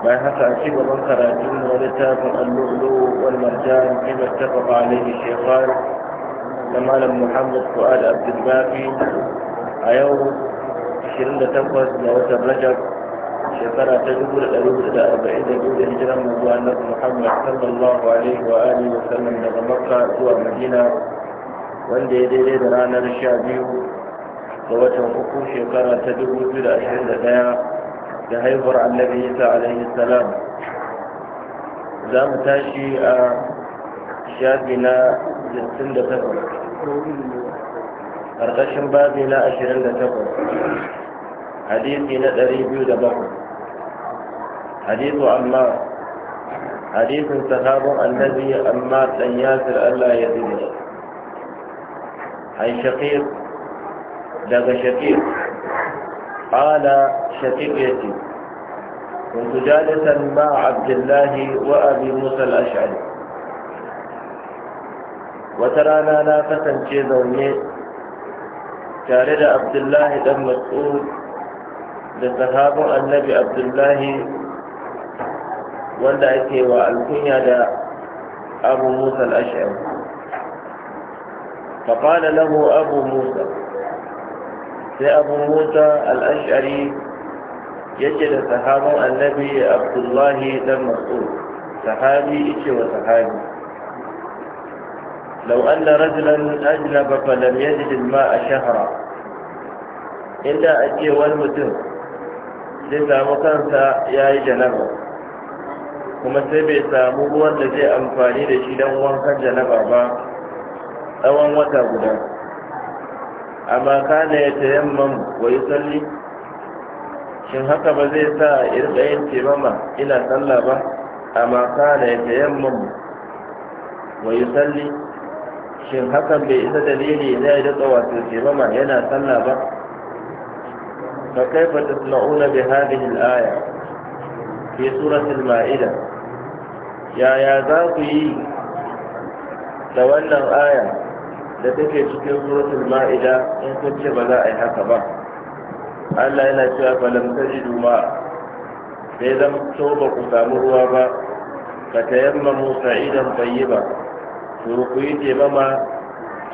bayan haka a ci gaban karatun na littafin allu'ulu wal marjan inda tafaqa alaihi shekar na malam muhammad fuad abdulbafi a yau 28 ga watan rajab shekara ta 1442 da hijiran zuwa annabi muhammad sallallahu alaihi wa alihi wa sallam daga makka zuwa madina wanda ya daidai da ranar 12 ga watan uku shekara ta 2021 da haihuwar annabi isa alaihi salam za mu tashi a shafi na 68 ƙarƙashin babi na 28 hadisi na 207 hadisu amma hadisin sahabon annabi amma ɗan yasir allah ya zube an shaƙiƙ daga shaƙiƙ قال شقيقتي كنت جالسا مع عبد الله وأبي موسى الأشعري وترانا نافسا شيء تارد عبد الله دم مسعود لصحاب النبي عبد الله wanda ake wa alkunya da abu musa al'ashari faƙada lahu abu musa sai abu musa al'ashari yake da sahabon annabi abdullahi dan masu sahabi yake wa sahabi لو أن رجلا أجنب فلم يجد الماء شهرا إلا أجي والمتن لذا مكانسا يا جنبه kuma sai bai samu ruwan da zai amfani da shi don wankan janaba ba tsawon wata guda amma kana ya tayammam wa yusalli shin haka ba zai sa irga yin taimama ina sallah ba amma kana ya tayammam wa yusalli shin haka bai isa dalili na ya datsa wato taimama yana sallah ba fa kaifa tasma'una bi hadhihi al-aya fi surati al-ma'ida yaya za ku yi da wannan aya da take cikin suratul ma'ida in kun ce ba za a yi haka ba Allah yana cewa falam tajidu duma. sai zan so ba ku samu ruwa ba ka idan sa'idan tayyiba to ku yi taimama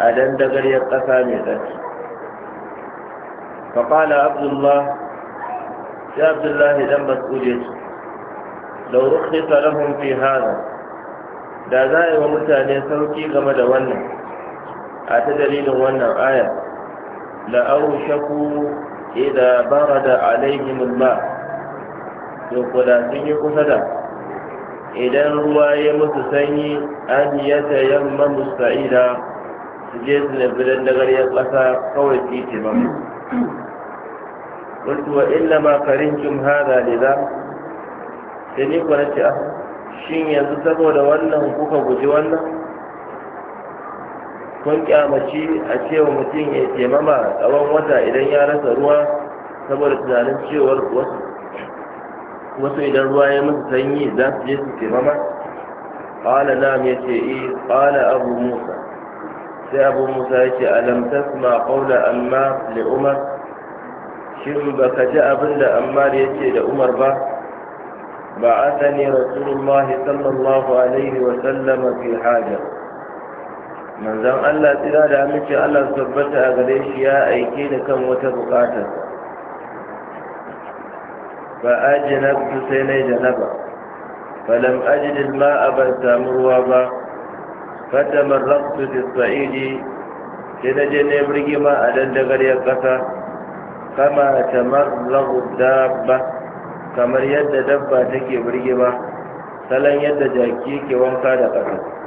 a dandagaryar ƙasa mai tsarki fa qala abdullah ya abdullahi dan mas'uliyya law rukhisa lahum fi hada da za a yi wa mutane sauki game da wannan a ta dalilin wannan aya la aushaku idza barada alaihim alma to kula sun yi kusa da idan ruwa ya musu sanyi an ya tayamma musta'ida su je su nufi dandagariyar ƙasa kawai titi ba قلت وإنما كرهتم هذا لذا سني shin yanzu saboda wannan kuka guji wannan? kun kyamaci a cewa mutum ya taimama tsawon wata idan ya rasa ruwa saboda tunanin cewar wasu idan ruwa ya musu sanyi za su je su taimama ƙala na ya ce i eh, ƙala abu musa sai abu musa ya ce alam tasma ƙaula amma li umar shin ba ka ji abin da ammar ya ce da umar ba ba a asani rasulullahi sallallahu alaihi wa sallama fi hajar manzon Allah tsira da amince Allah su tabbata a gare shi ya aike da kan wata bukatar fa ajnabtu sai na janaba falam ajid a ban samu ruwa ba fatamarraqtu da sa'idi sai na je ne birgima a ya kasa kama ta tamarraqu dabba kamar yadda dabba take birgima salon yadda jaki ke wanka da kasa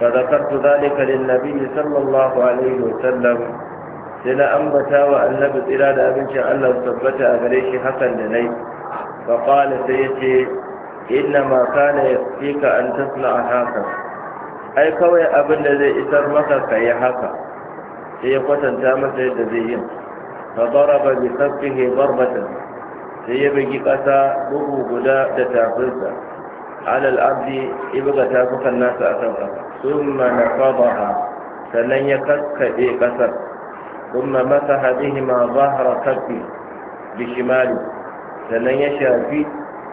فذكرت ذلك للنبي صلى الله عليه وسلم سنا أنبتا وأنبت إلى دابنش أن لو ثبت أبريش حسن لني فقال سيتي إنما كان يكفيك أن تصنع هكذا أي كوي أبن الذي إسر مكة كي هكذا هي قتن تامة الذين فضرب بسبه ضربة سيبقي قتا بغو قدا تتعفزه alal abdi ibga tafukan nasa a kan ƙasa summa na sannan ya kaskaɗe ƙasar summa masa hadihi ma zahara bi shimali sannan ya shafi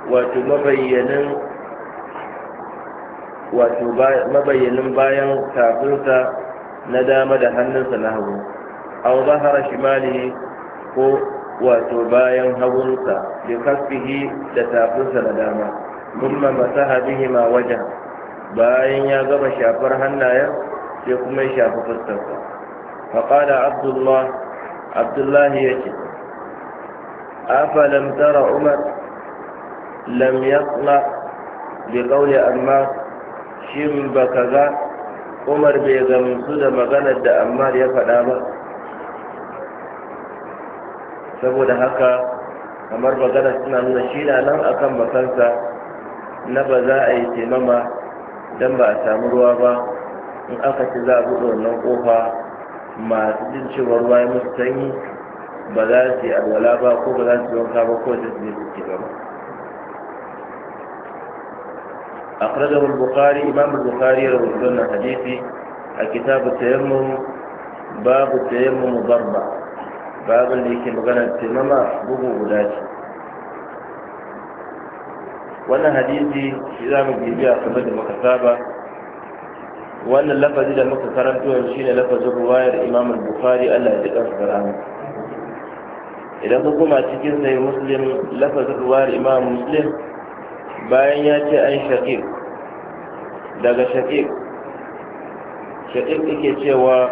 wato mabayyanin wato mabayyanin bayan tafinsa na dama da hannunsa na hagu au zahara shimali ko wato bayan hagunsa bi kasfihi da tafinsa na dama kuma masaha bihima wajen bayan ya gama shafar hannayen sai kuma ya shafi fuskarsa faƙada abdullahi ya ce afalam tara umar lam yaqla ƙauye amma shi shin baka ga umar bai gamsu da maganar da ammar ya faɗa ba saboda haka kamar maganar suna nuna shi na nan akan makansa na ba za a yi taimama don ba a samu ruwa ba in aka ci za a buɗe wannan ƙofa masu jin cewa ruwa ya musu sanyi ba za su yi alwala ba ko ba za su yi wanka ba ko da su ne suke ba a kwarar bukari imam bukari ya rubuta wannan hadisi a kitabu tayammum babu mu barba babu da yake magana temama bugu guda ce wannan hadisi shi za mu bibiya kamar da muka saba wannan lafazi da muka karanto shi ne lafazin ruwayar imam bukhari allah ya jiƙa su idan ka koma cikin sai muslim lafazin ruwayar imam muslim bayan ya ce an shaƙiƙ daga shaƙiƙ shaƙiƙ yake cewa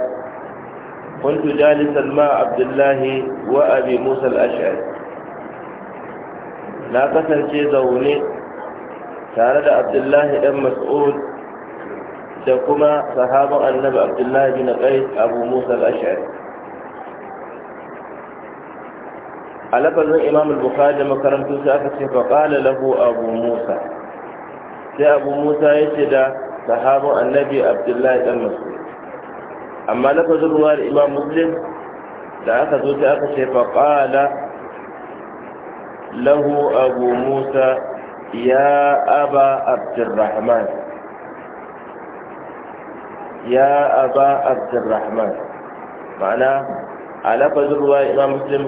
kuntu jalisan ma abdullahi wa abi musa al-ash'ari na kasance zaune tare da abdullahi Ɗan mas'ud da kuma sahaban annabi abdullahi bin qais abu musa al-ash'ari a lafazin imam al-bukhari da makarantu sai aka ce faƙala lahu abu musa sai abu musa ya ce da sahaban annabi abdullahi Ɗan mas'ud amma lafazin ruwa da imam muslim da aka zo sai aka ce faƙala lahu abu musa ya aba abdurrahman ya aba abdurrahman ma'ana a lafazin ruwa imam muslim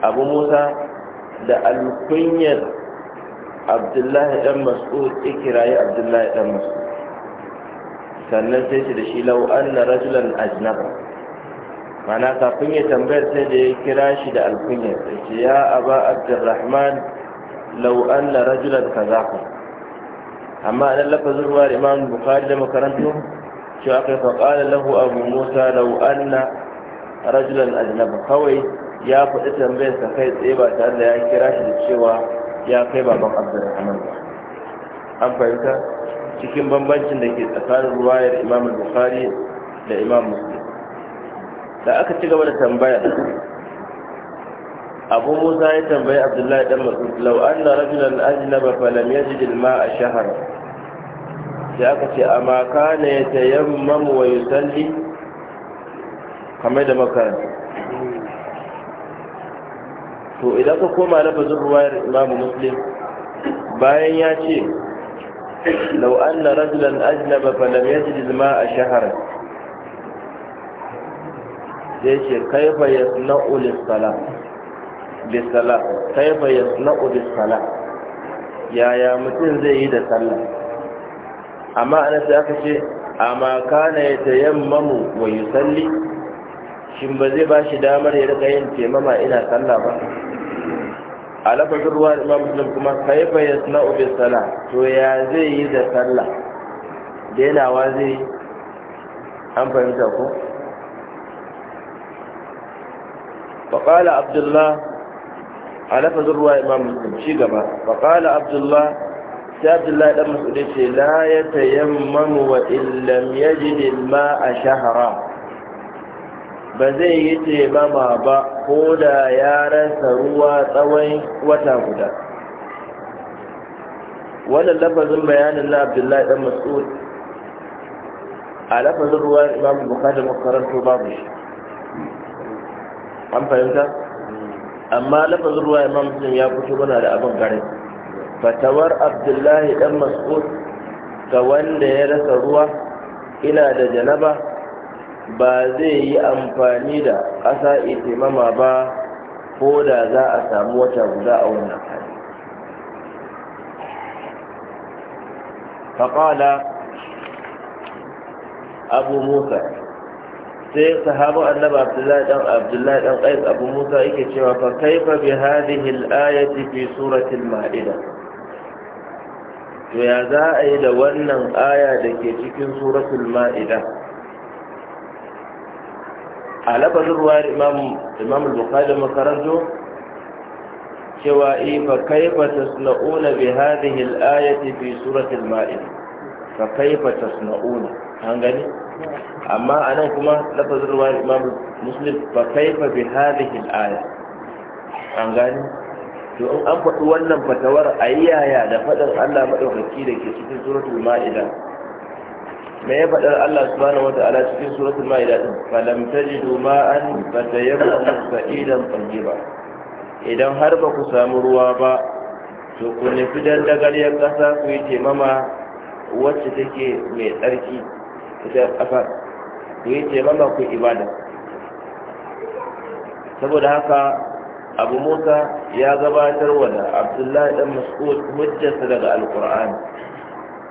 abu musa da alkunyar abdullahi dan mas'ud ikirayi abdullahi dan mas'ud sannan sai shi da shi lau anna rajulan ajnaba ma'ana kafin ya tambayar sai da ya kira shi da alkunyar sai ya aba abdurrahman lau an na rajulan ka za ka amma a nan lafazin ruwa da imam bukari da makarantu shi aka yi faƙala lahu abu musa lau an na rajulan ajnaba kawai ya faɗi tambayarsa kai tsaye ba tare da ya kira shi da cewa ya kai baban abdulrahman ba an fahimta cikin bambancin da ke tsakanin ruwayar imam bukari da imam muslim da aka ci gaba da tambaya. abu musa ya tambayi abdullahi dan masud lau an na rajulan ajnaba falam yajid alma a shahar sai aka ce amma kana ya tayammamu wa yusalli kamar da makaranta to idan ka koma lafazin ruwayar imamu muslim bayan ya ce lau an na rajulan ajnaba falam yajid alma a shahar sai ce kaifa ya lis salat bisala kaifa yasna'u bisala yaya mutum zai yi da sallah amma ana sai aka ce amma kana ya tayammamu wa yusalli shin ba zai ba shi damar ya rika yin taimama ina sallah ba a lafafin ruwa da imam muslim kuma kaifa yasna'u bisala to ya zai yi da sallah denawa zai yi an fahimta ko عبد الله a lafazin ruwa imam muslim ci gaba fa qala abdullah sai abdullah dan mas'ud ce la yatayammamu wa illam yajid ma a shahara. ba zai yi taimama ba ko da ya rasa ruwa tsawon wata guda wannan lafazin bayanin na abdullahi dan mas'ud a lafazin ruwa imam bukhari makaranto babu shi an fahimta amma lafazin ruwa ya mamsin ya fito mana da abin gare fatawar abdullahi dan mas'ud ga wanda ya rasa ruwa ina da janaba ba zai yi amfani da ƙasa itimama ba ko da za a samu wata guda a wannan hali faƙala abu musa sai sahaba annaba abdullahi dan abdullahi dan qais abu musa yake cewa fa kaifa bi hadhihi al-ayati fi surati al-ma'ida to ya za a yi da wannan aya da ke cikin suratul ma'ida a lafazin ruwa imam imam al-bukhari makaranto cewa ifa kaifa tasna'una bi hadhihi al-ayati fi suratul ma'ida fa kaifa tasna'una an gani amma anan kuma lafazin ruwa imam muslim fa kaifa bi hadhihi al-aya an gani to in an faɗi wannan fatawar ayyaya da fadar Allah madaukaki da ke cikin suratul ma'ida me ya faɗar Allah subhanahu wata'ala cikin suratul ma'ida din lam tajidu ma'an fatayammamu sa'idan tayyiba idan har ba ku samu ruwa ba to ku nufi dandagariyar ƙasa ku yi temama wacce take mai tsarki ita ƙasa ku yi taimama ku ibada saboda haka abu musa ya gabatar wa da abdullahi dan mas'ud hujjarsa daga alkur'an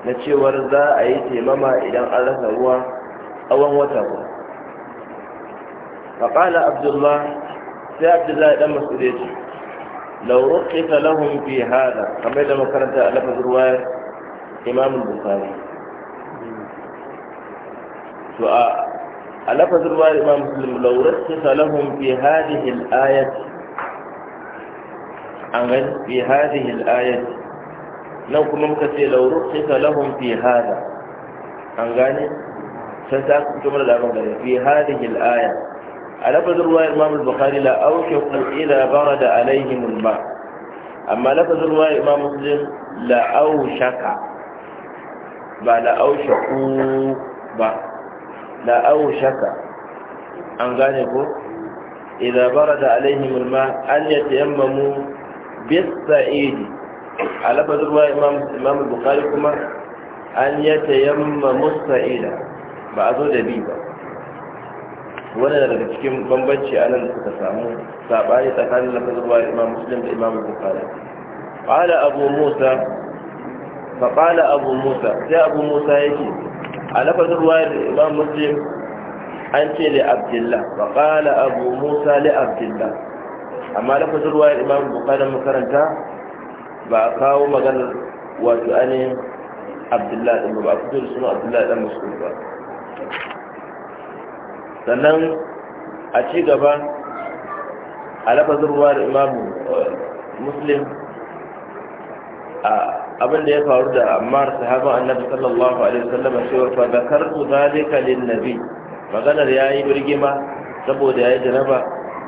na cewar za a yi taimama idan an rasa ruwa tsawon wata guda faƙala abdullahi sai abdullahi dan mas'ud ya ce laurukita lahun fi hada kamar da makaranta a lafazin ruwa imamun bukari to a lafazin ruwa imam muslim laurar ta salahun fi hadihi al'ayat an gani fi hadihi al'ayat nan kuma muka ce laurar ta salahun fi hada an gane sai ta kuma da abin gari fi hadihi al'ayat a lafazin ruwa imam al-bukhari la auke kul'ila barada alaihim al-ma amma lafazin ruwa imam muslim la aushaka ba la ku ba la'aushaka an gane ko idza barada alaihim alma an yatayammamu bis-sa'id alaba zuwa imam imam bukhari kuma an yatayammamu sa'ida ba a zo da bi ba wannan daga cikin bambanci anan da suka samu sabani tsakanin lafazin ruwa imam muslim da imam bukhari qala abu musa fa qala abu musa sai abu musa yake a lafazin da imam muslim an ce li abdullah ba ƙala abu musa li abdullah amma lafazin da imam bukhari makaranta ba a kawo maganar wato ainihin abdullah ɗin ba a fito da suna abdullah ɗan musul ba sannan a ci gaba a lafazin da imam muslim a abin da ya faru da ammar sahaban annabi sallallahu alaihi wasallam cewa fa zakartu zalika lin nabi maganar yayi birgima saboda yayi janaba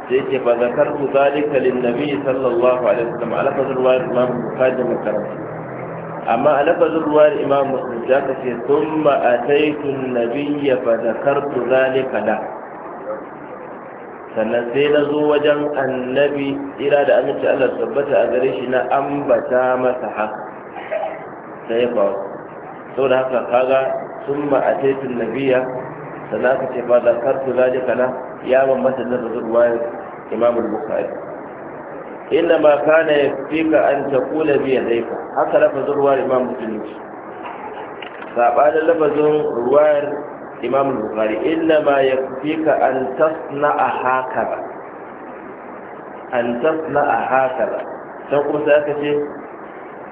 sai ce fa zakartu zalika linnabi nabi sallallahu alaihi wasallam alafazin ruwayar imam bukhari da makarantu amma alafazin ruwayar imam muslim ya kace thumma ataitu nabiyya fa zakartu zalika la sannan sai na zo wajen annabi ira da aminci Allah tabbata a gare shi na ambata masa haka da ya faru haka kaga sun na biya sannan aka ce ba da kartu zalika kana ya bambanta da zuwa imam al-bukhari inna ma kana yafika an ta kula bi yadayka haka lafazin ruwayar imam muslim sabanin lafazin ruwayar imam al-bukhari inna ma yafika an tasna'a hakaza an tasna'a hakaza sai kuma sai aka ce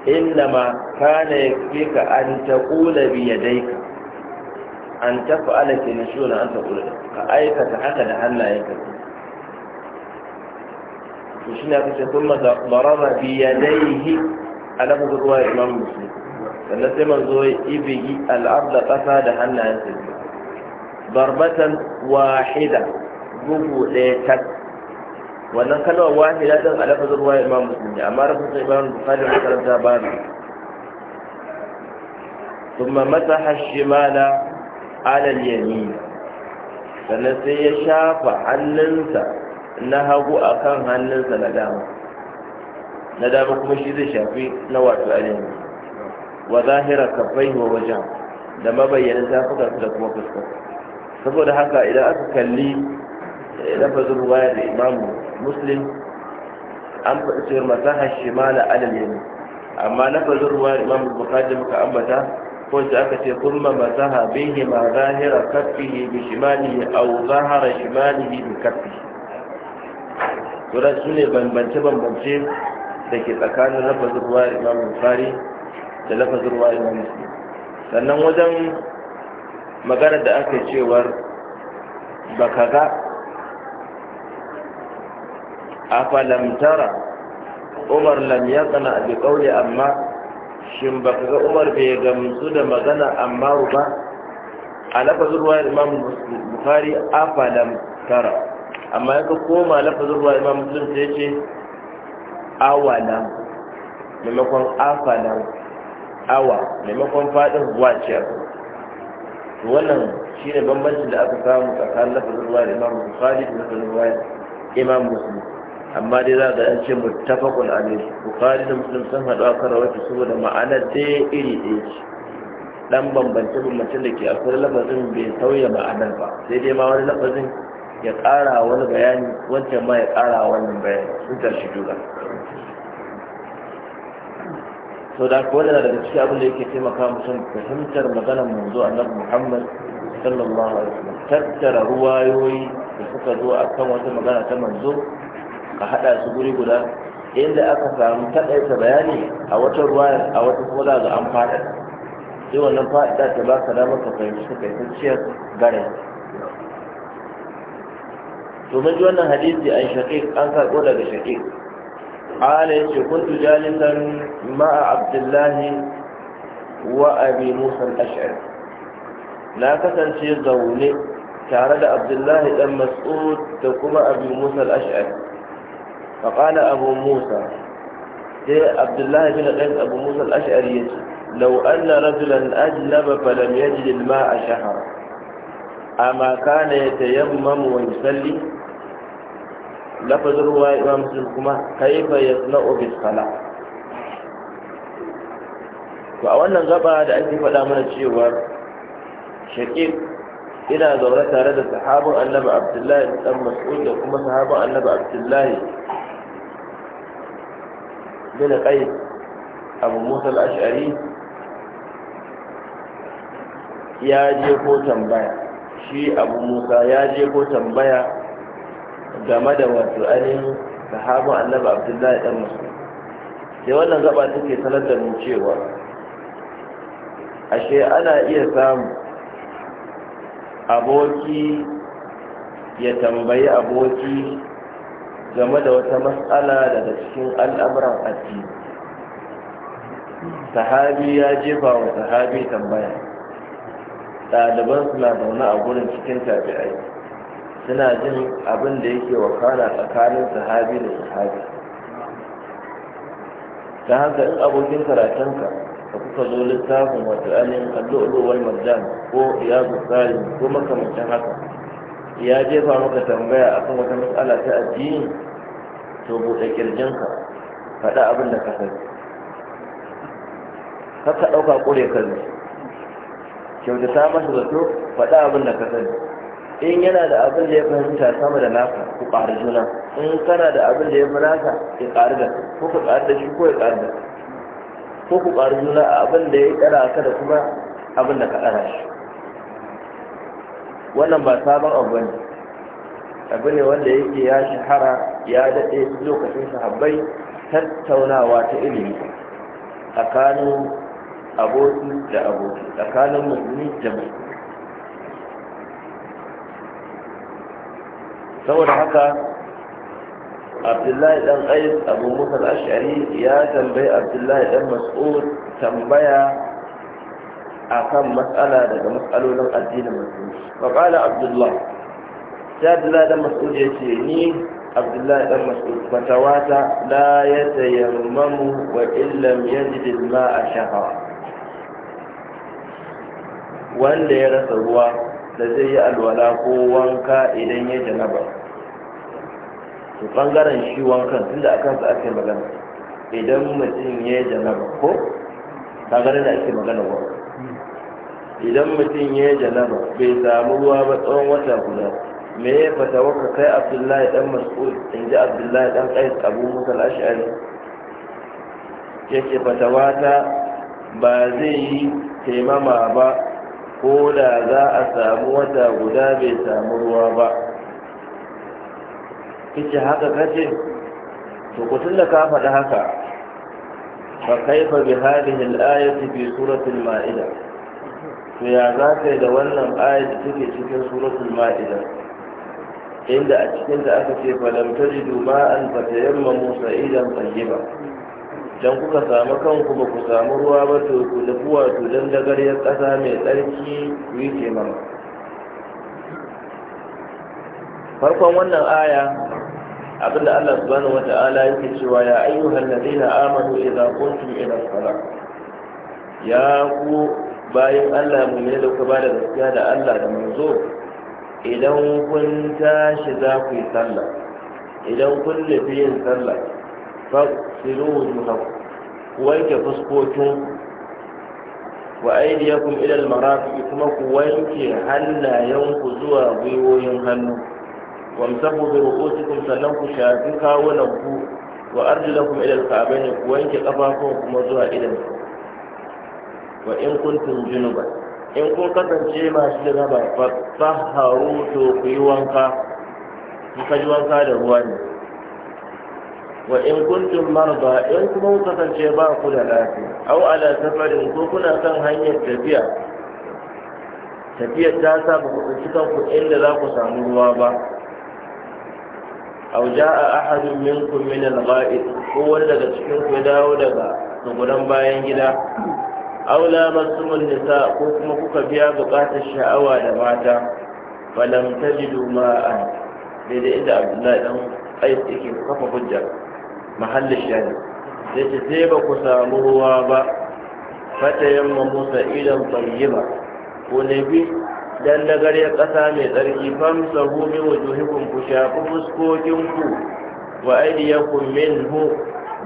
innama kana yakfika an taqula bi yadayka an taf'ala fi nashuna an taqula ka aikata haka da hannayenka to shi ne kace kuma da darara bi yadayhi ala bugu ruwa imam muslim sannan sai manzo ibigi al'arda kasa da wahida bugu ɗaya tak wannan kalmar wahida din a lafazin ruwa imam musulmi amma lafazin imam bukhari da makaranta ba ne thumma masaha shimala ala al sannan sai ya shafa hannunsa na hagu akan hannunsa na dama na dama kuma shi zai shafi na wato ainihin wa zahira kafai wa wajen da mabayyanin tafukansu da kuma fuskar saboda haka idan aka kalli lafazin ruwa da imamu muslim an faɗi masaha masahar shimala alal yamin amma na fazin ruwa imam bukhari muka ambata ko da aka ce kuma masaha bihi ma zahira kaffihi bi shimalihi aw zahara shimalihi bi kaffihi to da sune bambance bambance da ke tsakanin lafazin ruwa imam bukhari da lafazin ruwa imam muslim sannan wajen magana da aka cewar baka ga afalam tara umar lam yaqna bi qawli amma shin ba ga umar bai gamsu da magana amma ba a lafazin ruwa imam bukhari afalam tara amma yaka koma lafazin ruwa imam muslim sai ce awalam maimakon afalam awa maimakon fadin waciyar wannan shi ne bambancin da aka samu tsakanin lafazin ruwa imam bukhari da lafazin ruwa imam muslim amma dai za ga an ce muttafaqun alayhi bukhari da muslim sun hadu a karawata saboda ma'ana dai iri ɗaya ce dan bambance bambancen da ke akwai lafazin bai sauya ma'anar ba sai dai ma wani lafazin ya ƙara wani bayani wancan ma ya ƙara wannan bayani sun tashi juna sau da kuwa da daga cikin abin da yake taimaka mutum fahimtar maganar manzo annabi muhammad sallallahu alaihi wasallam tattara ruwayoyi da suka zo a kan wata magana ta manzo ka haɗa su guri guda inda aka samu taɗaita bayani a wata ruwayar a wata kuma ga an faɗa sai wannan faɗa ta ba ka damar ka fahimci takaitacciyar gare to mun ji wannan hadisi an shaqiq an karɓo daga shaqiq قال كنت جالسا مع عبد الله وأبي موسى الأشعري Na kasance zaune tare da abdullahi dan mas'ud da kuma abu musa al-ash'ari فقال أبو موسى جاء عبد الله بن قيس أبو موسى الأشعري لو أن رجلا أجنب فلم يجد الماء شهرا أما كان يتيمم ويصلي لفظ رواية إمام مسلم كيف يصنع بالصلاة to a wannan gaba da ake faɗa mana cewa shaƙiƙ ina zaune tare da sahabin annabi abdullahi dan mas'ud da kuma sahabin annabi abdullahi bin qais abu musa al ya je ko tambaya shi abu musa ya je ko tambaya game da wato ainihin sahabin annabi abdullahi dan musu sai wannan gaba take sanar da mu cewa ashe ana iya samu aboki ya tambayi aboki game da wata matsala daga cikin al'amuran addini sahabi ya jefa wa sahabi tambaya ɗaliban suna zaune a gurin cikin tabi'ai suna jin abin da yake wakana tsakanin sahabi da sahabi ta haka in abokin karatunka da kuka zo littafin wata alin allo'ulu wal marjan ko ya tsarin ko makamancin haka ya jefa maka tambaya akan wata matsala ta addini to buɗe ƙirjinka faɗa abin da ka sani Kaka ɗauka ƙure ka zai kyautata masa zato faɗa abin da ka sani in yana da abin da ya fahimta sama da naka ku ƙari juna in kana da abin da ya fi naka ya ƙari da ko ku ƙari da shi ko ya ƙari da ko ku ƙari juna a abin da ya ƙara ka da kuma abin da ka ƙara shi wannan ba sabon abu ne abu ne wanda yake ya shahara ya daɗe lokacin sahabbai tattaunawa ta ilimi tsakanin aboki da aboki tsakanin musulmi da saboda haka abdullahi ɗan qais abu musa al-ash'ari ya tambayi abdullahi ɗan mas'ud tambaya akan matsala daga matsalolin addinin musulmi fa Abdullahi. sai abdullahi dan mas'ud ya ce ni abdullahi dan mas'ud fatawata la ya tayammamu wa illam yajid al a shahwa wanda ya rasa ruwa da zai yi alwala ko wanka idan ya janaba to bangaren shi wankan tunda akan sa ake magana idan mutum ya janaba ko kagare da ake magana ba idan mutum ya janaba bai samu ruwa ba tsawon wata guda me ya fata waka kai abdullahi dan mas'ud in ji abdullahi dan qais abu musa al-ash'ari yake fatawa ta ba zai yi taimama ba ko da za a samu wata guda bai samu ruwa ba kici haka kace to ku tunda ka faɗi haka fa kaifa bi hadhihi al-ayati fi surati al-ma'ida to ya za ka yi da wannan ayat take cikin suratul ma'ida inda a cikin cikinta aka ce falamtari duma an fatayen musa idan ba, don kuka samu kanku ba ku samu ruwa ba to ku nufi wato don ya ƙasa mai tsarki ku yi kemama farkon wannan aya abinda allah subhanahu wa ta'ala yake cewa ya ayyuhan ladina amanu idza kuntum ila salat ya ku bayan allah mu ne da ku ba da gaskiya da allah da manzo idan kun tashi za ku yi sallah idan kun nufi yin sallah fa siru wujuhakum ku wanke fuskokin wa aydiyakum ila al-marafiq kuma ku wanke hannayenku zuwa gwiwoyin hannu wamsahu bi ru'usikum sannan ku shafi kawunan ku wa arjulakum ila al-ka'bayn ku wanke kafafun kuma zuwa idan wa in kuntum junuban in kun kasance masu janaba ba, to ku yi wanka ka ji wanka da ruwa ne wa in kuntum marba in kuma kasance ba ku da lafiya au ala safarin ko kuna kan hanyar tafiya tafiyar ta sa ba ku tsinci kanku inda za ku samu ruwa ba au ja'a ahadun minkum min al ghaib ko wanda daga cikin ku ya dawo daga tsuguran bayan gida aula masumun nisa ko kuma kuka biya bukatar sha'awa da mata falam tajidu ma'an daidai inda abdullahi dan ais yake kafa hujja mahallin shari'a. sai sai ba ku samu ruwa ba fata yamma musa idan tayyiba ko ne bi dan nagare kasa mai tsarki famsa hu min wujuhikum ku shafi fuskokin ku wa aydiyakum minhu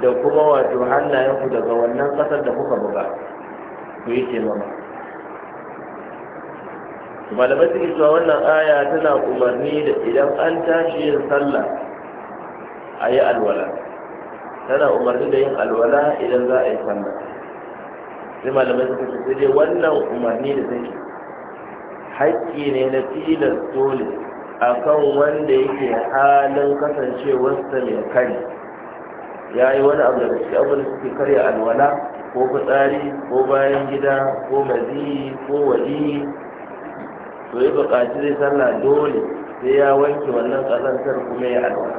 da kuma wato hannayen ku daga wannan kasar da kuka buga ku yi taimama malamai suke cewa wannan aya tana umarni da idan an tashi yin sallah a yi alwala tana umarni da yin alwala idan za a yi sallah sai malamai suke ce sai dai wannan umarni da take haƙƙi ne na filar dole kan wanda yake halin kasancewarsa mai kari ya yi wani abu da suke abu da suke karya alwala ko fitsari ko bayan gida ko mazi ko wajiyi to ya buƙaci zai sallah dole sai ya wanke wannan ƙazantar kuma ya alwa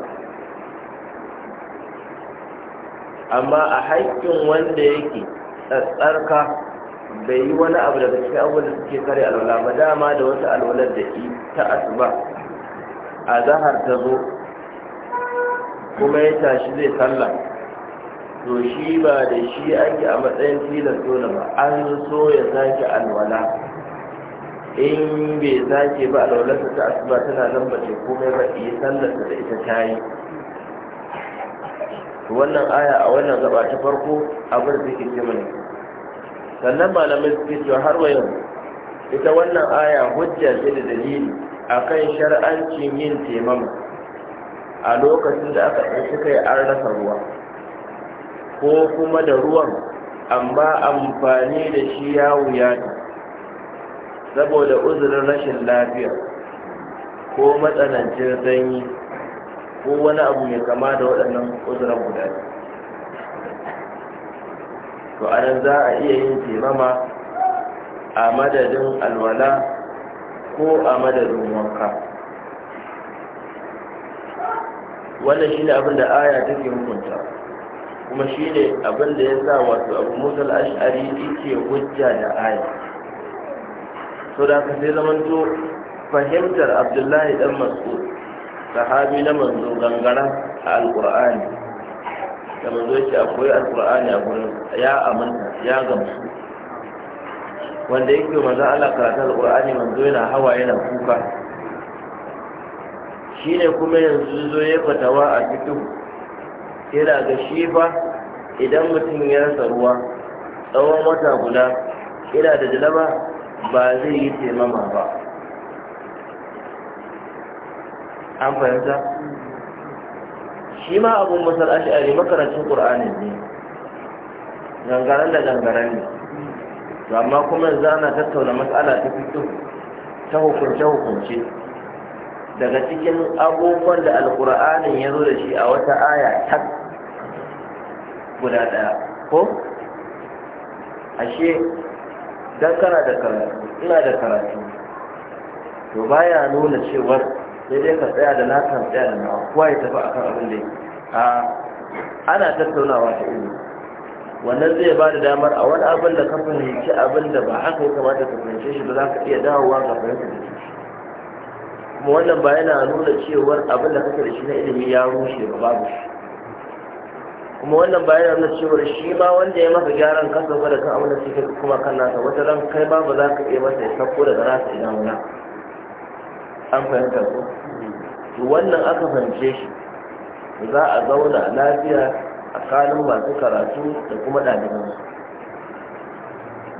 amma a haƙƙin wanda yake tsarka bai yi wani abu daga cikin abubuwan da suke kare alwala ba dama da wata alwalar da ke ta asuba a zahar ta zo kuma ya tashi zai sallah to shi ba da shi ake a matsayin tilas dole ba an so ya sake alwala in bai sake ba alwalarsa ta asuba tana nan ba ce komai ba iya sallarsa da ita ta yi wannan aya a wannan gaba ta farko abin da suke ce mana sannan malamai suke cewa har wa yau ita wannan aya hujja ce da dalili kan shar'ancin yin taimama a lokacin da aka ɗauki kai an rasa ruwa ko kuma da ruwan amma amfani da shi ya wuya saboda uzurin rashin lafiya ko matsanancin sanyi ko wani abu mai kama da waɗannan uzurin guda to anan za a iya yin taimama a madadin alwala ko a madadin wanka wannan shi ne abin da aya take hukunta kuma shi ne abin da ya sa wato abu musa al'ashari yake hujja da aya so da ka sai zamanto fahimtar abdullahi dan masu sahabi na manzo gangara a alkur'ani da manzo yake akwai alkur'ani a gurin ya aminta ya gamsu wanda yake manzo Allah karatu alkur'ani manzo yana hawa yana kuka Shi ne kuma yanzu zo ya fatawa a cikin yana ga shi fa idan mutum ya rasa ruwa tsawon wata guda yana da jalaba ba zai yi taimama ba an fahimta shi ma abun masar ashari makarancin ƙur'ani ne gangaren da gangaren ne to amma kuma ana tattauna matsala ta fito ta hukunce-hukunce daga cikin abubuwan da alƙur'anin ya zo da shi a wata aya tak guda ɗaya ko ashe don kana da karatu ina da karatu to baya nuna cewar daidai dai ka tsaya da naka tsaya da nawa kuwa ya tafi akan abin da a ana tattaunawa ta ilimi wannan zai ba da damar a wani abin da ka fahimci abin da ba haka ya kamata ka fahimce shi ba za ka iya dawowa ga fahimta da shi kuma wannan ba yana nuna cewar abin da kake da shi na ilimi ya rushe ba babu shi kuma wannan bayan da nuna cewar shi ma wanda ya masa gyaran kasa da kan abin da suke kuma kan nasa wata ran kai ba ba za ka iya masa ya sako daga nasa idan wuna an fahimta ko wannan aka fahimce shi za a zauna lafiya a kanin masu karatu da kuma ɗaliban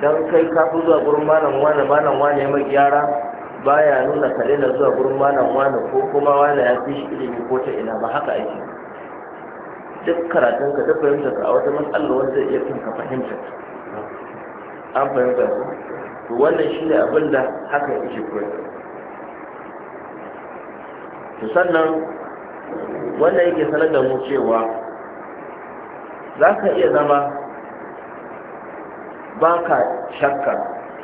don kai ka fi zuwa gurin malam wane malam wane ya mai gyara baya nuna ka daina zuwa gurin malam wane ko kuma wane ya fi shi ilimi ko ta ina ba haka ake duk karatunka duk ka a wata matsala wanda zai iya kan ka fahimta an fahimta ku to wannan shi ne abin da haka ya ce kuwa to sannan wannan yake sanar da mu cewa za ka iya zama ba ka shakka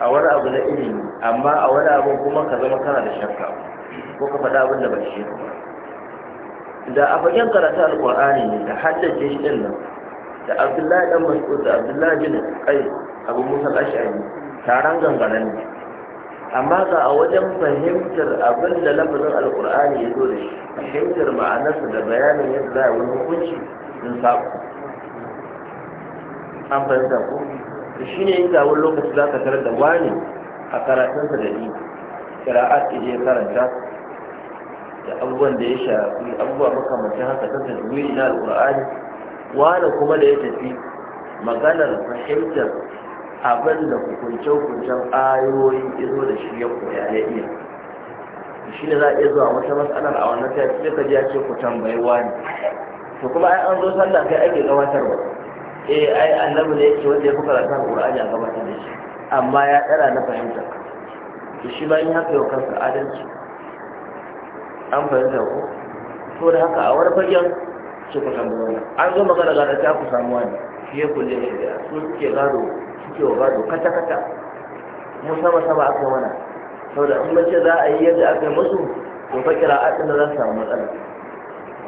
a wani abu na ilimi amma a wani abu kuma ka zama kana da shakka ko ka faɗa abin da ba shi ba da a fagen karatu alƙur'ani ne da haddace shi ɗin nan da abdullahi dan mas'ud da abdullahi bin kai abu musa ash'ari taron gangaren ne amma ga a wajen fahimtar abin da lafazin alƙur'ani ya zo da shi fahimtar ma'anarsa da bayanin yadda za a wani hukunci sun samu an fahimta ko da shi ne yin wani lokaci za ka tarar da wani a karatunsa da ni kira'at ije karanta da abubuwan da ya shafi abubuwa makamantan haka ta tajwidi na alqur'ani wani kuma da ya tafi maganar fahimtar abin da hukunce-hukuncen ayoyi izo da shi ya koya ya iya shi ne za a iya zuwa wata matsalar a wannan ta yi ka ya ce ku tambayi wani to kuma ai an zo sallah kai ake gabatarwa eh ai annabi ne yake wanda ya fi karanta qur'ani a gabatar da shi amma ya tsara na fahimta to shi bayan haka yau kansa adalci an fahimta ko to da haka a wani fagen su ku samu wani an zo magana gada ta ku samu wani fiye ku kulle shi da su suke gado suke wa gado kata kata mu sama sama aka mana da an mace za a yi yadda aka yi musu to fa kira'atin da za su samu matsala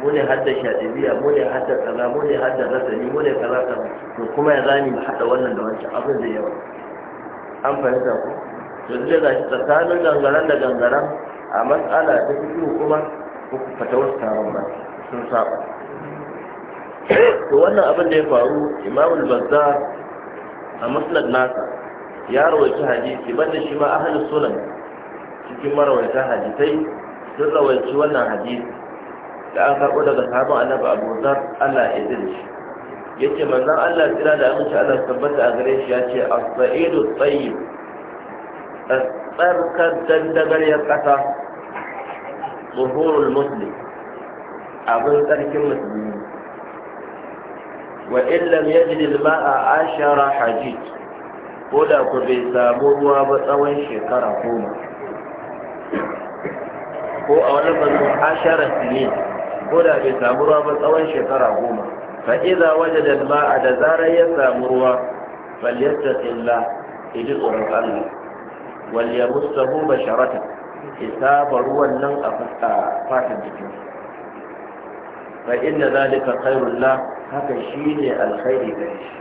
mu ne hadda shaɗibiya mu ne hadda kaza mu ne hadda rasani mu ne kaza kaza to kuma ya zani mu hada wannan da wancan abin zai yawa an fahimta ku yanzu da gashi tsakanin gangaren da gangaren a matsala ta fito kuma uku fata wasu taron ba sun saba to wannan abin da ya faru imamul bazzar a musnad nasa ya rawaita hadisi banda shi ma ahalin sunan cikin marawaita hadisai sun rawaici wannan hadisi da an karɓo daga sabon annabi abu zar allah ya zin shi ya ce manzan allah tsira da amince allah tabbata a gare shi ya ce as-sa'idu tsarkar dandagariyar ƙasa zuhurul muslim abin tsarkin musulmi wa illam yajid al-ma'a ashara hajij ko da ku bai samu ruwa ba tsawon shekara goma ko a wani bazu ashara sine ko da bai samu ruwa ba tsawon shekara goma fa idza wajada al-ma'a da zarar ya samu ruwa illa idin tsoron Allah wal yamussahu basharatan isaba ruwan nan a fatan jikin fa inna zalika khairul la haka shine alkhairi gare shi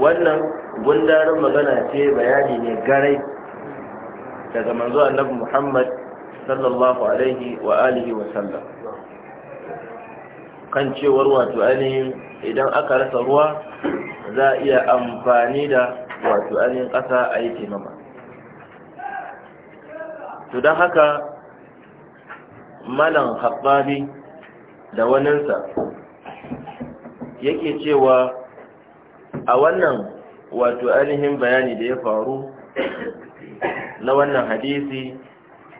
wannan gundarin magana ce bayani ne garai daga manzo annabi Muhammad sallallahu alaihi wa alihi wa sallam kan cewar wato ainihin idan aka rasa ruwa za a iya amfani da wato ainihin ƙasa a yi taimama to don haka malan haɓɓari da waninsa yake cewa a wannan wato ainihin bayani da ya faru na wannan hadisi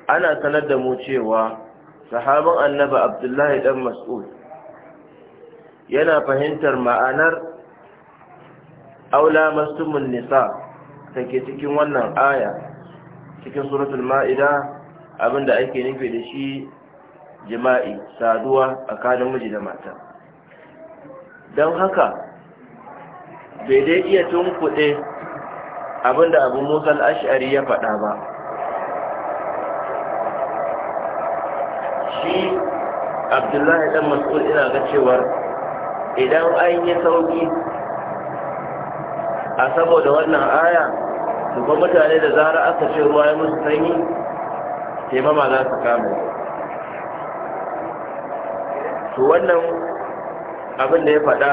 ana sanar da mu cewa sahabin annaba abdullahi dan mas'ud yana fahimtar ma'anar aula mastumun nisa take cikin wannan aya cikin suratul ma'ida abinda ake nufi da shi jima'i saduwa tsakanin miji da mata don haka bai dai iya tunkuɗe abinda abu musa ashari ya faɗa ba shi abdullahi ɗan mas'ud ina ga cewar idan an yi sauƙi a saboda wannan aya su mutane da zara aka ce ruwa ya musu sanyi taimama za su kama to wannan abin da ya faɗa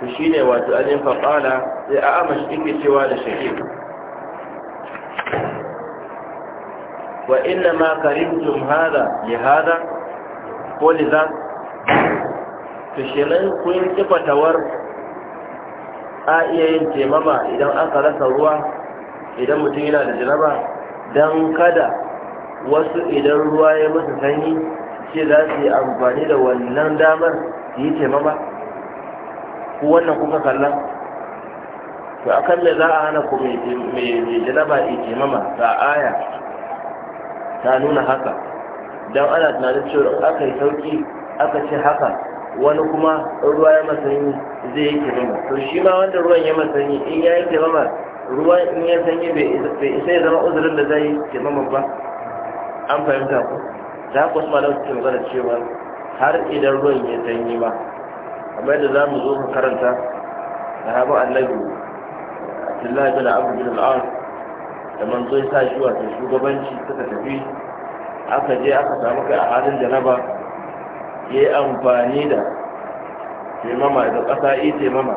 su shi ne wato alin faƙala sai a shi ke cewa da shaƙi wa inna ma karimtum hada ya hada ko li za kun shi tawar kun kifatawar a iya yin taimama idan aka rasa ruwa idan mutum yana da jiraba don kada wasu idan ruwa ya masa sanyi ce za su yi amfani da wannan damar su yi taimama Ku wannan kuka kallon to a kan me za a hana ku mai yi temama ta aya ta nuna haka don ana tunanin cewa aka yi sauki aka ce haka wani kuma ruwa ya masanyi zai yi kirama to shi ma wanda ruwan ya masanyi in ya yi kirama ruwa in ya sanyi bai isa ya zama uzurin da zai yi kirama ba an fahimta ku Za haka wasu malam suke magana cewa har idan ruwan ya sanyi ma amma yadda za mu zo mu karanta da haɓar annabi abdullahi bin abu bin al'ar da manzo ya sa shi wato shugabanci suka tafi aka je aka samu kai a halin jaraba ya yi amfani da taimama da ƙasa yi taimama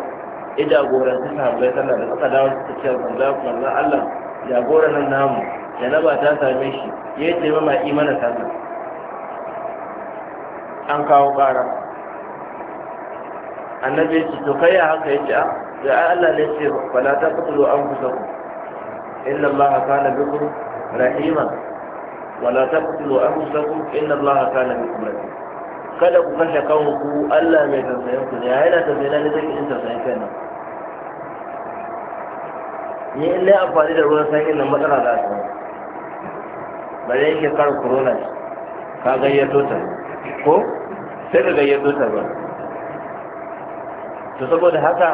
ya jagoranci sahabbai sallah da suka dawo suka ce manzo manzo Allah jagoran nan namu ba ta same shi ya yi taimama imanin sallah an kawo ƙara annabi ya ce to kai ya haka ya ce a ah, da Allah ne ce fala ta an qatlu anfusakum inna Allah kana bikum rahima wala taqtulu anfusakum inna Allah kana bi rahima kada ku kashe kanku Allah mai tausayin ku ne ya yana tausayin ne zai yi tausayin kai nan ni in dai amfani da ruwan sanyin nan matsala za su bare yake kar corona ka gayyato ta ko sai ka gayyato ta ba to saboda haka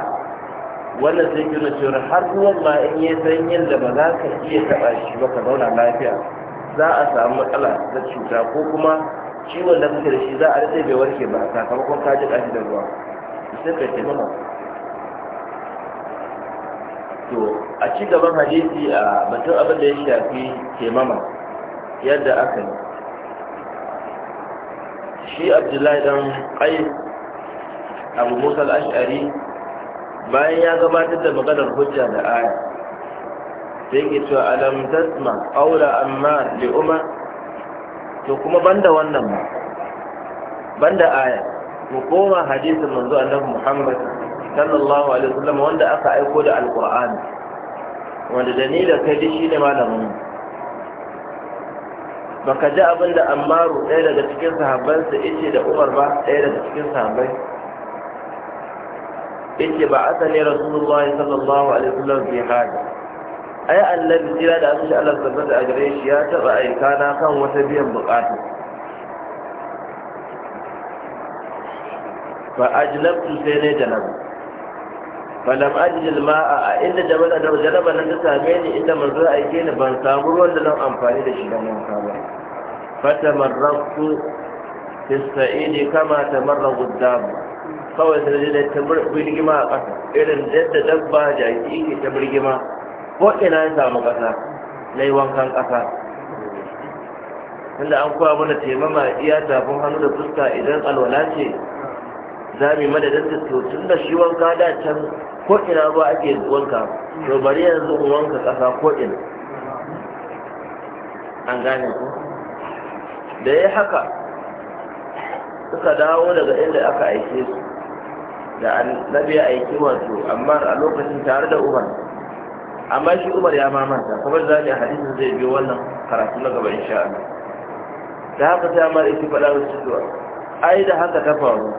wannan sai ki cewa har ruwan ma in yi sanyin da ba za ka iya taɓa shi ba ka zauna lafiya za a samu matsala da cuta ko kuma ciwon da kuke da shi za a rade bai warke ba sakamakon ka ji kashi da ruwa sai ka ce mana to a ci gaban hadisi a batun abin da ya shafi kemama yadda aka yi shi abdullahi dan qais abu musa al-ash'ari bayan ya gabatar da maganar hujja da aya sai ke cewa alam tasma aura amma li umar to kuma banda wannan ma banda aya mu koma hadisin manzo annabi Muhammad sallallahu alaihi wasallam wanda aka aiko da alqur'ani wanda dalilin kai shi ne malamin baka ji abin da ammaru ɗaya daga cikin sahabbansa yace da umar ba ɗaya daga cikin sahabbai yace ba asali rasulullahi sallallahu alaihi wasallam fi hada ai annabi jira da shi Allah da a gare shi ya taba aika na kan wata biyan bukata fa ajlabtu sai ne janaba falam ajil ma'a a inda jama'a da jaraba nan ta same ni inda manzo aike ni ban samu ruwan da nan amfani da shi da nan ka ba fatamarraktu fi sa'idi kama tamarragu dab kawai sai da ta birgima a ƙasa irin yadda dabba jaki ke ta birgima ko ina ya samu ƙasa na yi wankan ƙasa tunda an kowa mana taimama iya tafin hannu da fuska idan alwala ce za mu yi madadin da to tun da shi wanka da can ko ina ba ake wanka to bari yanzu in wanka ƙasa ko ina an gane ku da ya haka suka dawo daga inda aka aike su da annabi ya aiki wato amma a lokacin tare da umar amma shi umar ya mamanta kamar za a hadisin zai biyo wannan karatu na gaba insha Allah da haka sai amma yake faɗa wa su ai da haka ta faru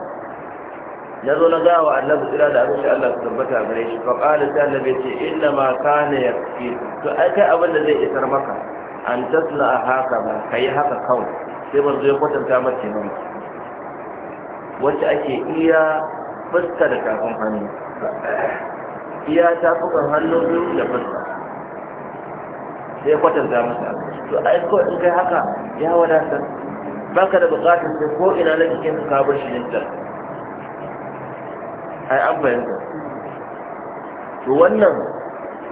na zo na gawa annabi tsira da abin Allah su tabbata gare shi fa qala ta annabi ce inna ma kana yakfi to ai kai abin da zai isar maka an tasla haka ba kai haka kawai sai ban zo ya kwatanta mace nan wacce ake iya fuskar kafin hannu iya tafukan hannun biyu da fasa sai kwatanta masa to ai ko in kai haka ya wadatar baka da bukatar sai ko ina na jikin ka kabar shi littar ai an fahimta to wannan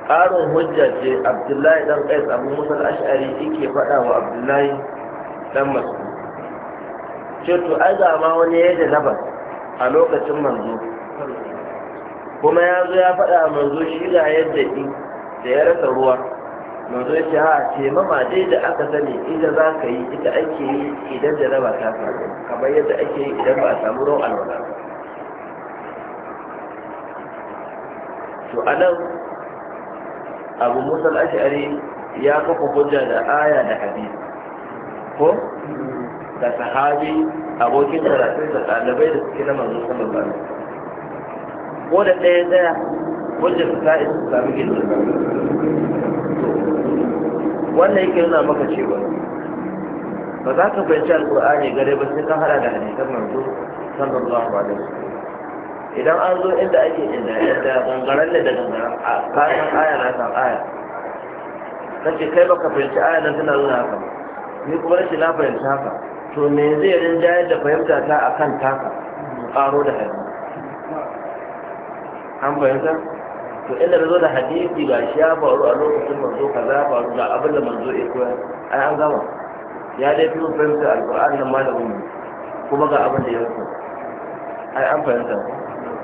ƙarin hujja ce abdullahi dan qais abu musa ashari yake faɗa wa abdullahi dan mas'ud ce to ai ga ma wani ya da a lokacin manzo kuma ya zo ya faɗa manzo shi ga yadda ɗi da ya rasa ruwa manzo ya ce ha ce mama dai da aka sani ita za ka yi ita ake yi idan da raba ta faru kamar yadda ake yi idan ba a samu ruwan alwala to nan, abu musa al'ashari ya kafa hujja da aya da hadisi ko da sahabi abokin karatun da ɗalibai da suke na manzo sallallahu alaihi ko da ɗaya ɗaya wajen ta isa su sami gina wannan yake nuna maka cewa ba za ka fahimci alƙur'ani gare ba sai ka hada da hadisan manzo sallallahu alaihi wasallam idan an zo inda ake inda yadda gangaren ne da gangaren a kayan aya na san aya kace kai baka fahimci aya nan tana nuna haka ni kuma rashin na fahimci haka to me zai rinjayar da fahimta ta akan taka mu karo da hadisi an fahimta to inda da zo da hadisi ga shi ya faru a lokacin manzo kaza faru ga abin da manzo ya koya ai an gama ya dai fi fahimta alƙur'ani na malamin kuma ga abin da ya rufe ai an fahimta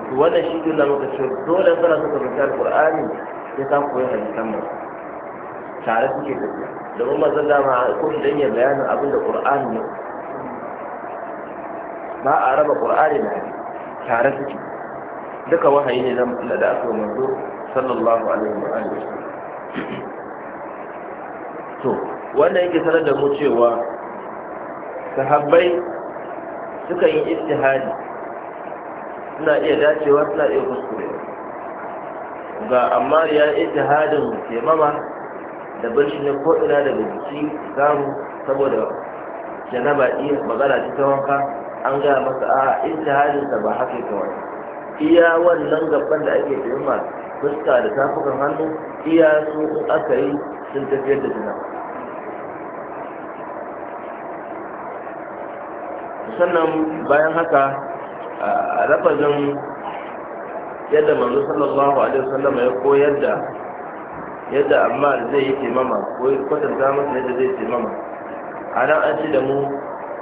to wannan shi ke nuna cewa dole kana so ka fahimta alƙur'ani ya san koyi hadisan mu tare suke tafiya domin manzon dama ko idan ya bayanin abin da ƙur'ani ne ba a raba ƙur'ani na tare suke duka wahayi ne na da aka manzo sallallahu alaihi wa alihi to wannan yake sanar da mu cewa sahabbai suka yi ijtihadi suna iya dacewa suna iya kuskure ga amma ya ijtihadin taimama da barshi ko ina daga jiki zamu. saboda janaba iya magana ta wanka an gaya masa a ijtihadinsa ba haka wani. iya wannan gaban da ake tuhuma fuska da tafukan hannu iya su aka yi sun tafiyar da jina sannan bayan haka a rafazin yadda manzo sallallahu alaihi wasallam ya koyar da yadda amma zai yi taimama ko kwatanta masa yadda zai taimama a nan an ci da mu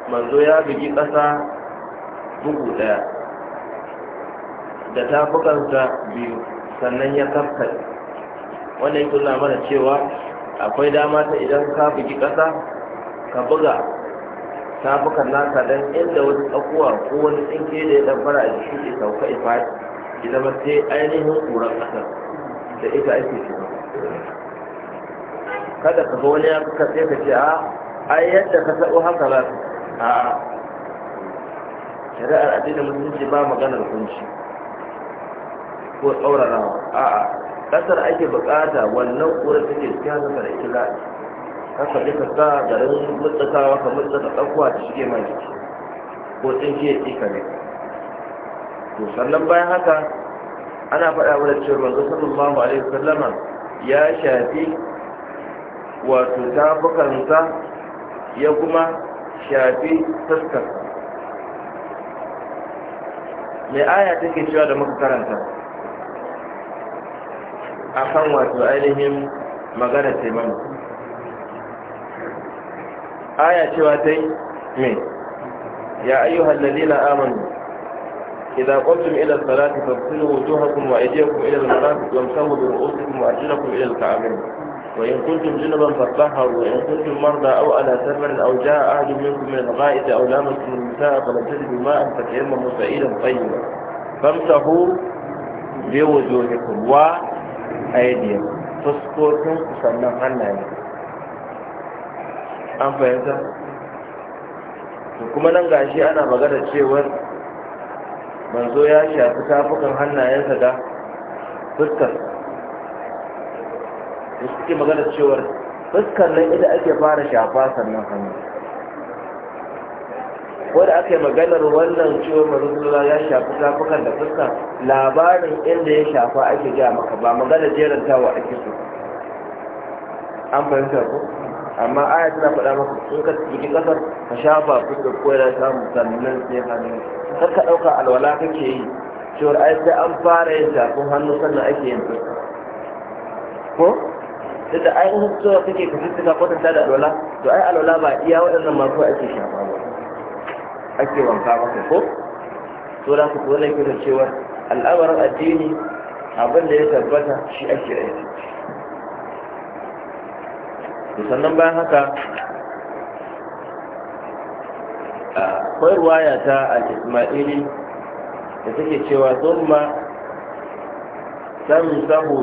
manzo ya bugi ƙasa bugu ɗaya da tafukansa biyu sannan ya kafkai wannan yake nuna mana cewa akwai dama ta idan ka bugi ƙasa ka buga tafukan naka dan inda wani tsakuwa ko wani tsinke da ya ɗanfara a jiki ke sauka ifa ya zama sai ainihin ƙuran ƙasar da ita ake shiga kada ka ga wani ya ka sai ka ce a ai yadda ka taɓo haka ba, a shari'ar addinin musulunci ba maganar kunci ko a a'a kasar ake bukata wannan ta take cikin hannun da ita Ka haka duka sa garin mutsakawa ka mutsaka tsakuwa ta shige ma jiki ko tsinke ya tsika ne to sannan bayan haka ana faɗa wa da cewa manzo sallallahu alaihi wasallama ya shafi wato tafukansa ya kuma shafi fuskar mai aya take cewa da muka karanta akan wato ainihin magana taimama aya cewa ta yi mai ya ayyuhan lalina amanu idan kwamtum ilar salati fafsilu wujuhakum wa ajiyakum ilar marafi wamsahu bi ru'usikum wa arjulakum ilar ka'abin وإن كنتم جنبا فاطهروا وإن كنتم مرضى أو على سفر أو جاء أحد منكم من الغائط أو لامستم النساء فلم تجدوا ماء فتيمموا Bamsa طيبا فامسحوا بوجوهكم و aidiyar fuskokin sannan hannaye an fahimta to kuma nan gashi ana magana cewar manzo ya shafi tafukan hannayensa da fuskar da suke magana cewar fuskar nan ita ake fara shafa sannan hannu ko aka yi maganar wannan ciwon marubuwa ya shafi zafukan da fuska labarin inda ya shafa ake gaya maka ba maganar tawa ake so an fahimta ku? amma aya tana faɗa maka sun ka tsiki kasar ka shafa fuskar ko da samu sannan sai hannu kar ka ɗauka alwala kake yi cewar ai sai an fara yin shafin hannu sannan ake yin fuska ko duk da ainihin in suke kake ka kwatanta da alwala to ai alwala ba iya waɗannan masu ake shafa ba ake wanka maka ko to da ku cewa al'amarin addini abin da ya tabbata shi ake aiki to sannan bayan haka akwai ruwaya ta al da take cewa thumma tamsahu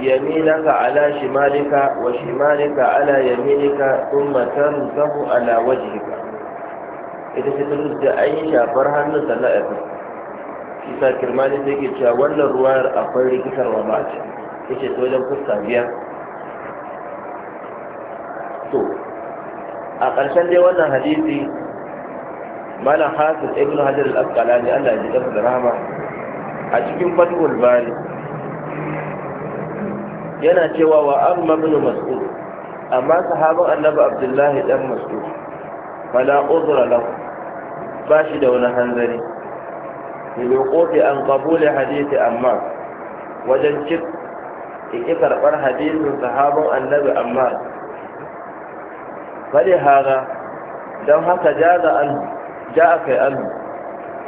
yaminaka ala shimalika wa shimalika ala yaminika thumma tamsahu ala wajhika ita ce ta da an yi shafar hannun da na kan shi sa kirmani sai ke cewa wannan ruwan akwai rikitarwa ba ce ya ce ta wajen fuska biyar to a ƙarshen dai wannan hadisi mana hafiz ibn hajar al-asqalani Allah ya ji kafa da rama. a cikin fatul bari yana cewa wa amma ibn mas'ud amma sahaban annabi abdullahi dan mas'ud fala udra lahu ba shi da wani hanzari filokofi an kabuli hadisi amma wajen cik iki karɓar hadisin sahabin annabi amma Bari hara don haka ja a kai annu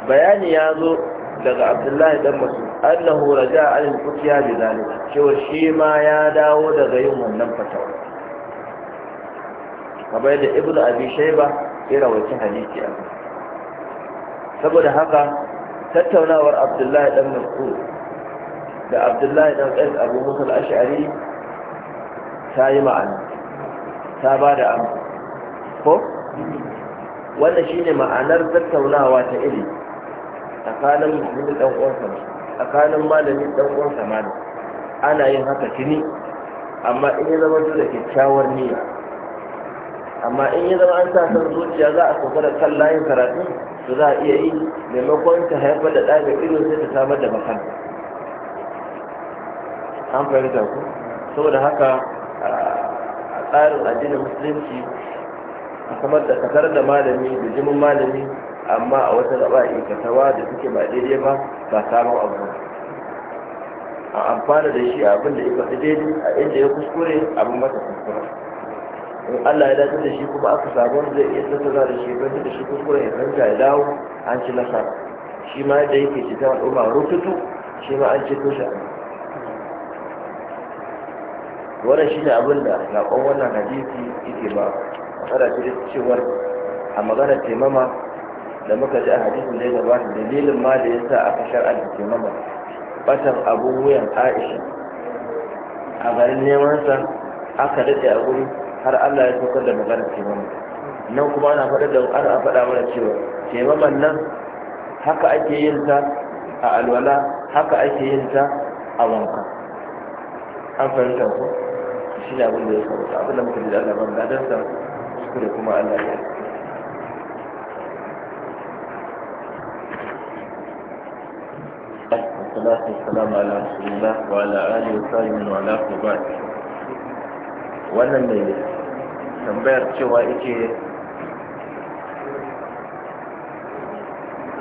bayani ya zo daga abdullahi dan masu annahu raja alil futiya bi zane. cewa shi ma ya dawo daga yin wannan fatawa kamar da ibnu abi shayba ya rawaita hadisi a saboda haka tattaunawar abdullahi dan mas'ud da abdullahi dan qais abu musa al-ash'ari ta yi ma'ana ta ba da amsa ko wannan ne ma'anar tattaunawa ta ilimi tsakanin malamin dan uwansa tsakanin malami dan uwansa malam ana yin haka tuni amma in ya zama da kyakkyawar niyya amma in ya zama an sa san zuciya za a kokara kan layin karatu da za a iya yi maimakon ta haifar da ɗaya ido sai ta samar da makan an fahimta ku saboda haka a tsarin addinin musulunci a kamar da kasar da malami da jimin malami amma a wata a ikatawa da suke ba daidai ba ba samun abu a amfana da shi abin da ya daidai a inda ya kuskure abin mata kuskure in Allah ya dace da shi kuma aka samu zai iya tattara da shi fahimta da shi kuskure ya fahimta ya dawo an ci nasara shi ma yadda yake ci ta al'umma rututu shi ma an ci shi wannan shi ne abin da laƙon wannan hadisi yake ba a kada ce da cewar a magana taimama da muka ji a hadisin da ya gabata dalilin ma da ya sa aka shar'a da taimama batan abubuwan aisha a garin neman sa aka daɗe a gudu. har Allah ya saukar da maganar taimama nan kuma ana faɗa da ana faɗa mana cewa taimaman nan haka ake yin ta a alwala haka ake yin ta a wanka an fahimta ko shi ne abin da ya faru abin da muka ji da Allah ban ladansa kuskure kuma Allah ya والصلاة tambayar cewa ike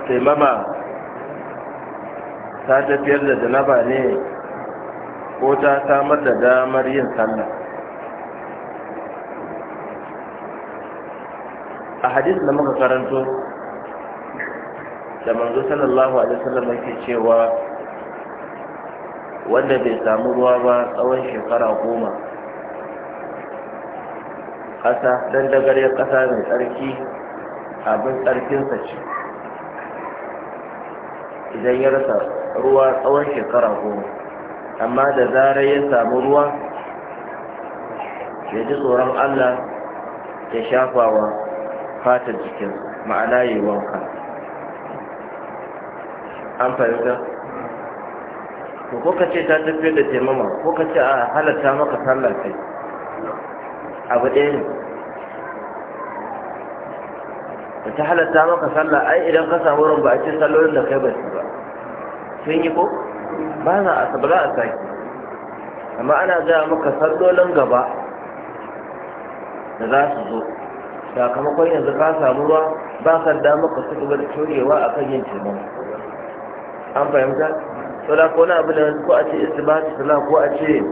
taimama ta tafiyar da janaba ne ko ta samar da damar yin sallah a hadis da muka karanto da manzo sallallahu alaihi wasallam yake cewa wanda bai samu ruwa ba tsawon shekara goma ƙasa don dagariyar ƙasa mai tsarki abin tsarkinsa ce idan ya rasa ruwa tsawon shekara goma amma da zarar ya samu ruwa ya ji tsoron allah ya shafa wa fatar jikin ma'ana yi wanka an fahimta ko ka ce ta tafiye da taimama ko ka ce a halatta maka sallar kai abu ɗaya ne da ta halatta maka sallah ai idan ka samu ran ba a ce sallolin da kai ba su ba sun yi ko ba na a sabara a sake amma ana gaya maka sallolin gaba da za su zo sakamakon yanzu ka samu ruwa ba ka da maka su gaba da curewa a kan yin tilman an fahimta sau da ko na abu da ko a ce su sala ko a ce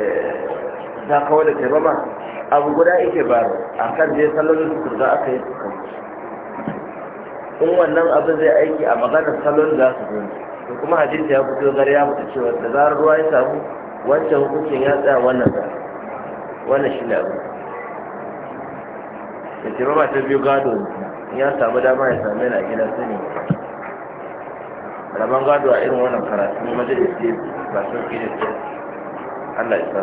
eh, ta kawo da taimama abu guda yake ba a kan je salolin su za aka yi su in wannan abin zai aiki a maganar salon za su zo to kuma hadisi ya fito gare ya fito cewa da zarar ruwa ya samu wancan hukuncin ya tsaya wannan ba wannan shi ne abu da taimama ta biyu gado in ya samu dama ya same yana gida su ne rabon gado a irin wannan karatu majalisi ba sun fi da Allah ya sa